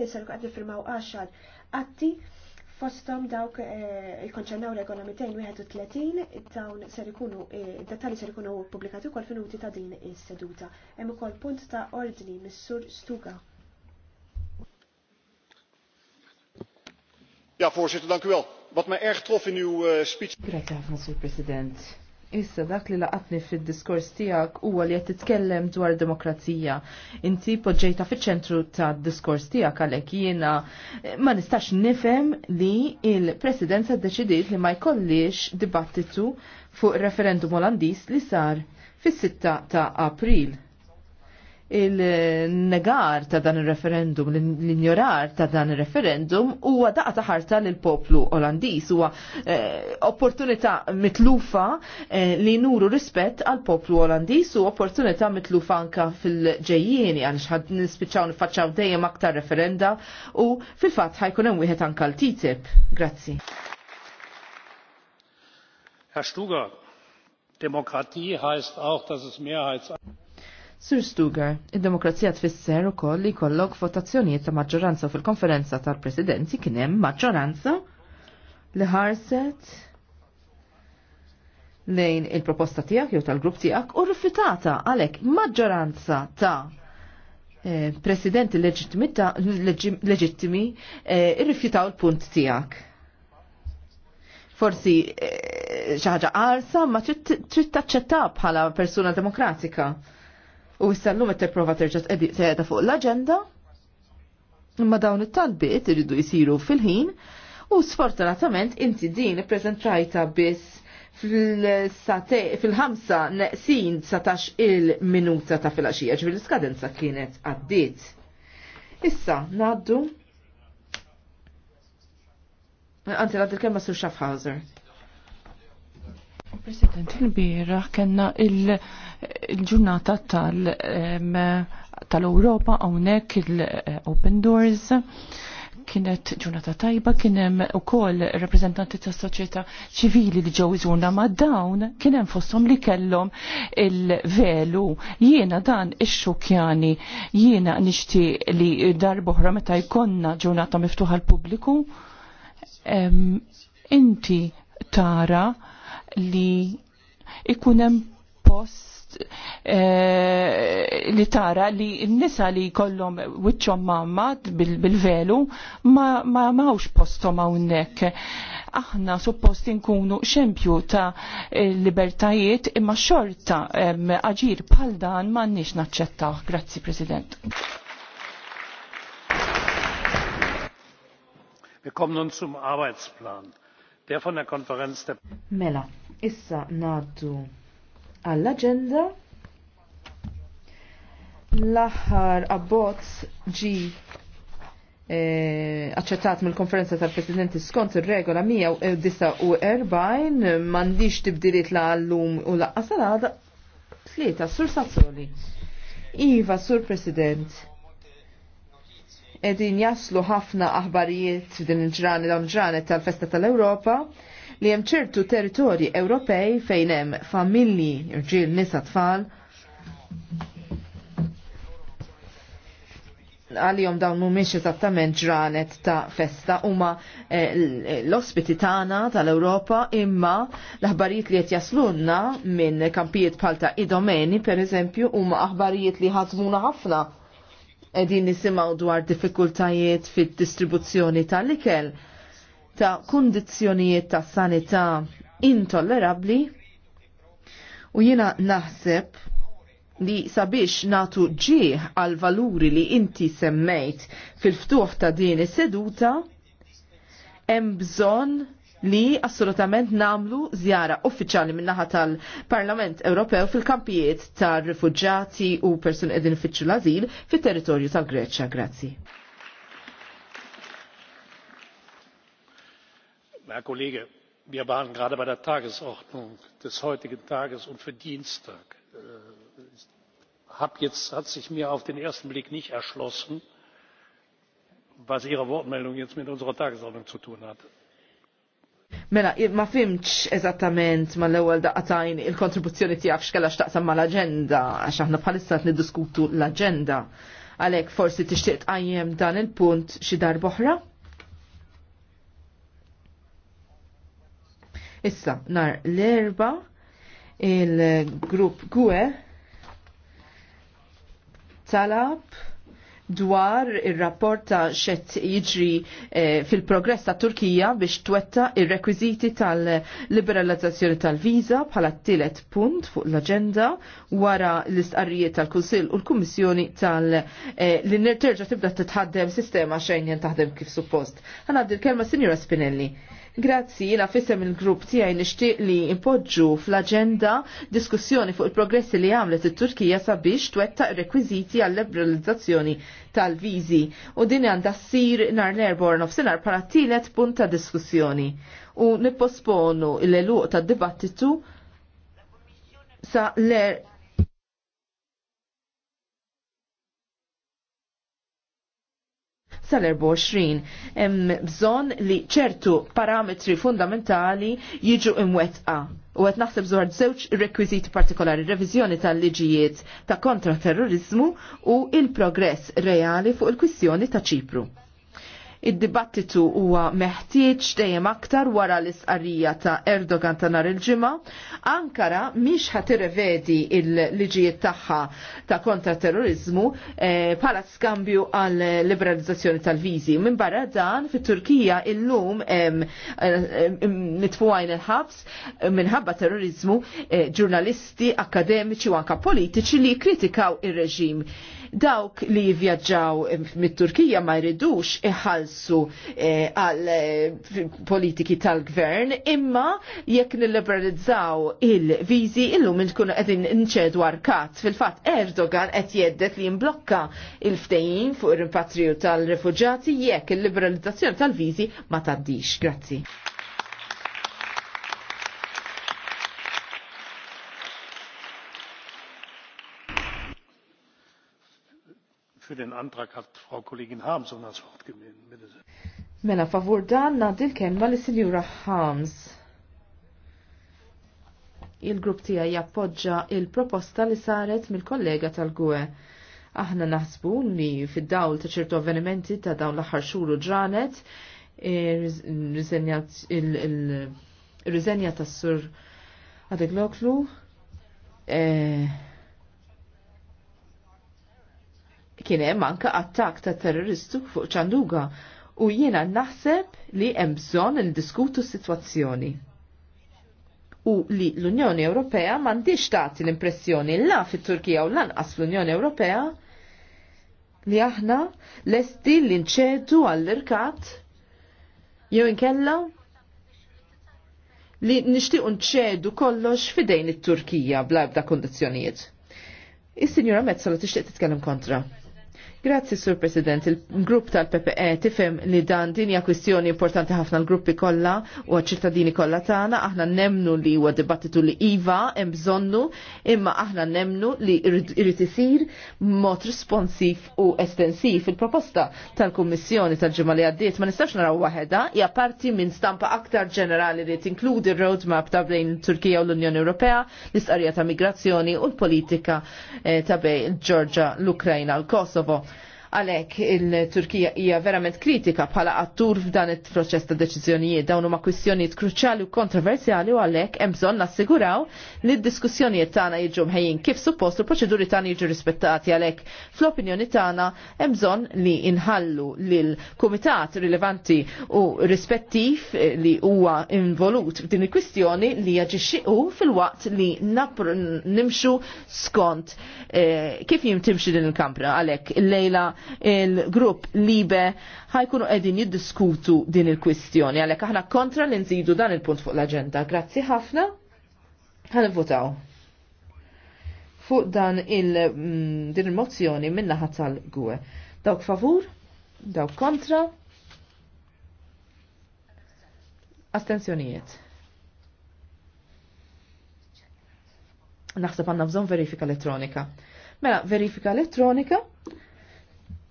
jessal għad firmaw għaxar għatti fostom dawk eh, il-konċernaw regola 231 dawn ser ikunu eh, dettali ser ikunu publikati wkoll fil-minuti ta' din is-seduta. Hemm ukoll punt ta' ordni missur Stuga. Ja, voorzitter, dank u wel. Wat mij erg trof in uw eh, speech... Grazie, Mr. President. Issa dak li laqatni fil diskors tiegħek huwa li qed titkellem dwar demokrazija. Inti poġġejta fiċ-ċentru tad-diskors tiegħek għalhekk jiena eh, ma nistax nifhem li il-Presidenza ddeċidiet li ma jkollix dibattitu fuq referendum olandis li sar fis-6 ta' April il-negar ta' dan il-referendum, l-ignorar ta' dan il-referendum huwa daqa ta' ħarta lil poplu Olandiż huwa eh, opportunità mitlufa eh, li nuru rispett għal poplu Olandis u opportunità mitlufa anka fil-ġejjieni għal xħad nispiċċaw nifacċaw dejjem aktar referenda u fil-fatt ħajkun hemm wieħed anka l-TTIP. Grazzi. Herr Stuga, Demokratie heißt auch, dass es Mehrheits Sir Stuger, id-demokrazija tfisser ukoll li jkollok votazzjonijiet ta' maġġoranza fil-konferenza tal-presidenti kien hemm maġġoranza li ħarset lejn il-proposta tiegħek jew tal-grupp tiegħek u rrifjutata għalhekk maġġoranza ta' eh, presidenti leġittimi eh, irrifjutaw il-punt tiegħek. Forsi eh, xi għarsa ma trid bħala persuna demokratika. U issa me t-prova terġa t fuq l-agenda, imma dawn it-talbiet iridu jisiru fil-ħin, u sfortunatament inti din prezentrajta biss fil-ħamsa neqsin 19 il-minuta ta' filaxija, ġvil l-skadenza kienet għaddit. Issa, naddu. Għanti, għaddu kemm kemma sur Schaffhauser. President, il-bira kena il-ġurnata tal-Europa għonek il-Open eh, Doors kienet ġurnata tajba, kienem u kol reprezentanti ta' soċieta ċivili li ġew iżuna ma' dawn, kienem fossom li kellom il-velu. Jiena dan ix-xukjani, jiena nixti li darboħra meta jkonna ġurnata miftuħa l-pubbliku. Inti tara li ikunem post eh, li tara li n-nisa li kollom wicċom mamma bil-velu ma, ma mawx ma unnek. Aħna suppost inkunu xempju ta' libertajiet imma xorta aġir bħal dan ma' nix naċċettaw. Grazzi, President. Wir kommen nun zum Arbeitsplan, der von der Konferenz der Mela Issa naddu għall-agenda. L-aħħar abbozz ġi eh, aċċettat mill-konferenza tal-Presidenti skont ir-regola 149 m'għandix tibdiliet la llum u laqqas salada tlieta sur Sazzoli. Iva, sur President. Edin jaslu ħafna aħbarijiet f'din il-ġrani dawn ġranet tal-Festa tal-Ewropa li hemm ċertu territorji Ewropej fejn hemm familji irġiel nisa tfal għalihom dawn mhumiex eżattament ġranet ta' festa huma eh, l-ospiti tagħna tal-Ewropa imma l-aħbarijiet li qed jaslunna minn kampijiet bħal ta' idomeni pereżempju huma aħbarijiet li ħadmuna ħafna qegħdin nisimgħu dwar diffikultajiet fid-distribuzzjoni tal-ikel ta' kundizzjonijiet ta' sanità intollerabbli u jiena naħseb li sabiex natu ġieħ għal valuri li inti semmejt fil-ftuħ ta' din is-seduta hemm bżonn li assolutament namlu zjara uffiċjali minnaħa tal-Parlament Ewropew fil-kampijiet tar-rifuġġati u persun edin ifittxu l-azil fit-territorju tal-Greċja. Grazzi. herr kollege wir waren gerade bei der tagesordnung des heutigen tages und für dienstag. Äh, es hat sich mir auf den ersten blick nicht erschlossen was ihre wortmeldung jetzt mit unserer tagesordnung zu tun hat. Mela, ma fimx eżattament mal-ewwel l-ewwel daqatajn il-kontribuzzjoni tiegħek x'kellha x'taqsam mal-aġenda għax aħna bħalissa qed niddiskutu l-aġenda. Għalhekk forsi tixtieq tqajjem dan il-punt xi darba oħra? Issa, nar l-erba, il-grupp GUE talab dwar il-rapport ta' xet jiġri eh, fil-progress ta' Turkija biex twetta il-rekwiziti tal-liberalizzazzjoni tal-viza bħala t-tielet punt fuq l-agenda wara l-istqarrijiet tal-Kunsill u l-Kummissjoni tal- l eh, li nirterġa tibda t-tħaddem sistema xejn taħdem kif suppost. Ħanaddi l-kelma Sinjora Spinelli. Grazzi, jina fissem il-grupp tijaj nishtiq li impoġġu fl-agenda diskussjoni fuq il-progressi li għamlet il-Turkija sabiex twetta rekwiziti għall-liberalizzazzjoni tal-vizi u din għanda s-sir nar l-erbor nofsinar para punta diskussjoni u nipposponu il-eluq ta' dibattitu sa l tal 24 Hemm bżonn li ċertu parametri fundamentali jiġu imwetqa. U għet naħseb zuħar żewġ rekwiziti partikolari, revizjoni tal-liġijiet ta' kontra terrorizmu u il-progress reali fuq il-kwistjoni ta' ċipru. Id-dibattitu huwa meħtieġ dejjem aktar wara l-isqarrija ta' Erdogan ta' nar il-ġimgħa. Ankara mhix ħad tirrevedi l-liġijiet tagħha ta' kontraterrorizmu eh, bħala skambju għal liberalizzazzjoni tal-viżi. Minn barra dan fit-Turkija illum eh, nitfu għajn il-ħabs minħabba terrorizmu eh, ġurnalisti, akademiċi u anka politiċi li kritikaw ir-reġim. Dawk li vjaġġaw mit-Turkija ma jridux iħal jinsu eh, għal eh, politiki tal-gvern, imma jekk nilliberalizzaw il-viżi illum nkunu qegħdin nċedu arkat. Fil-fatt Erdogan qed jeddet li jimblokka il-ftehim fuq ir-rimpatriju tal-refuġati jekk il-liberalizzazzjoni tal-viżi ma taddix. Grazzi. Für den Antrag hat Frau Kollegin Harms um das Wort Mela favur dan nadil kelma li Sinjura Harms. Il-grupp tiegħi jappoġġa il-proposta li saret mill-kollega tal-GUE. Aħna naħsbu li fid-dawl ta' ċertu avvenimenti ta' dawn l-aħħar xhur ġranet il-riżenja tas-sur Adegloklu. loklu eh, kien hemm anke attakk ta' terroristu fuq ċanduga u jiena naħseb li hemm bżonn diskutu s-sitwazzjoni. U li l-Unjoni Ewropea m'għandix tagħti l-impressjoni la fit-Turkija u lanqas l-Unjoni Ewropea li aħna lesti li nċedu għall-irkat jew inkella li nixtiequ nċedu kollox fidejn it-Turkija bla ebda kondizzjonijiet. Is-Sinjura Mezzola tixtieq titkellem kontra. Grazzi, Sur President. Il-grupp tal-PPE tifhem li dan din hija kwistjoni importanti ħafna l-gruppi kollha u ċittadini kollha tagħna. Aħna nemnu li huwa dibattitu li iva hemm bżonnu, imma aħna nemnu li irid isir mod responsiv u estensiv il-proposta tal-Kummissjoni tal-ġimgħa li għaddiet ma nistax naraw waħedha hija parti minn stampa aktar ġenerali li tinkludi r-roadmap ta' bejn Turkija u l-Unjoni Ewropea, l-istqarrija ta' migrazzjoni u l-politika eh, ta' bejn Ġorġa, l-Ukrajna, l-Kosovo Għalek il-Turkija hija verament kritika bħala għattur f'dan il-proċess ta' deċiżjonijiet dawn huma kwistjonijiet kruċjali u kontroversjali u għalek hemm bżonn nassiguraw li d-diskussjonijiet tagħna jiġu mħejjin kif suppost u proċeduri tagħna jiġu rispettati għalek fl-opinjoni tagħna hemm bżonn li inħallu lil kumitat rilevanti u rispettiv li huwa involut f'din il-kwistjoni li jaġixxiqu fil-waqt li nimxu skont eh, kif jimtimxi din il-kampra għalek il-lejla il-grupp libe ħajkunu qegħdin jiddiskutu din il-kwistjoni għalhekk aħna kontra li nżidu dan il-punt fuq l-aġenda. Grazzi ħafna. votaw. Fuq dan il mm, din il-mozzjoni minna ħatal gwe Dawk favur, dawk kontra. Astenzjonijiet. Naħseb għandna bżonn verifika elettronika. Mela, verifika elettronika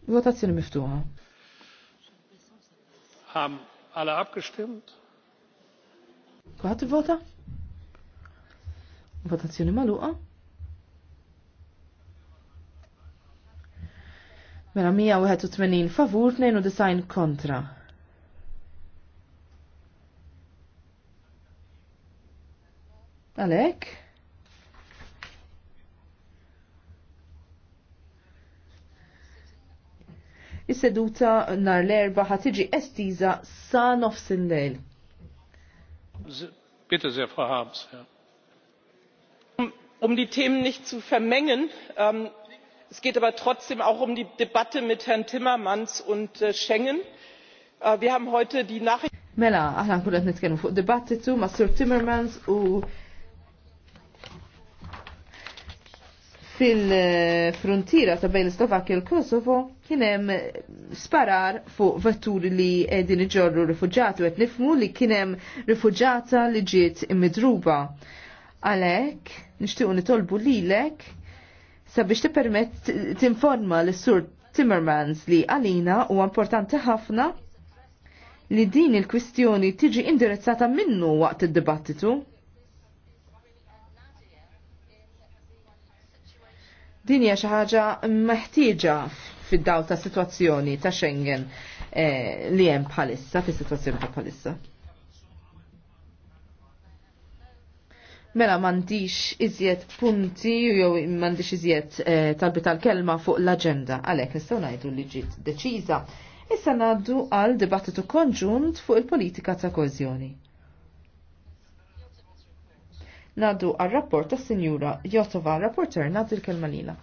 Votazzjoni miftuħa. Ham alle abgestimmt? Kuħat vota? Votazzjoni maluqa? Mela 181 favur, 92 kontra. Għalek? seduta nar l-erba' ħatiġi estiza sa nofs il-lejl. Bitte sehr, Frau Harms. Um, um die Themen nicht zu vermengen, ähm, es geht aber trotzdem auch um die Debatte mit Herrn Timmermans und äh, Schengen. Äh, wir haben heute die Nachricht. Mela, aħna kullet nitkellmu fuq debattitu ma' Sir Timmermans u fil frontira ta' bejn l-Slovakja u l-Kosovo kien hemm sparar fuq vetturi li din iġorru rifuġati u qed nifmu li kien hemm li ġiet imidruba. Għalhekk nixtiequ nitolbu lilek sabiex tippermett tinforma l-Sur Timmermans li għalina u importanti ħafna li din il-kwistjoni tiġi indirizzata minnu waqt id-dibattitu Din hija xi ħaġa meħtieġa fid-dawl ta' sitwazzjoni ta' Schengen eh, li hemm bħalissa fis-sitwazzjoni ta' bħalissa. Mela m'għandix iżjed punti jew m'għandix iżjed eh, talbi tal-kelma fuq l-aġenda għalhekk nistgħu ngħidu li ġiet deċiża. Issa ngħaddu għal dibattitu konġunt fuq il-politika ta' kożjoni. Naddu għal rapport ta' Sinjura Jotova, rapporter, naddu l-kelma lila.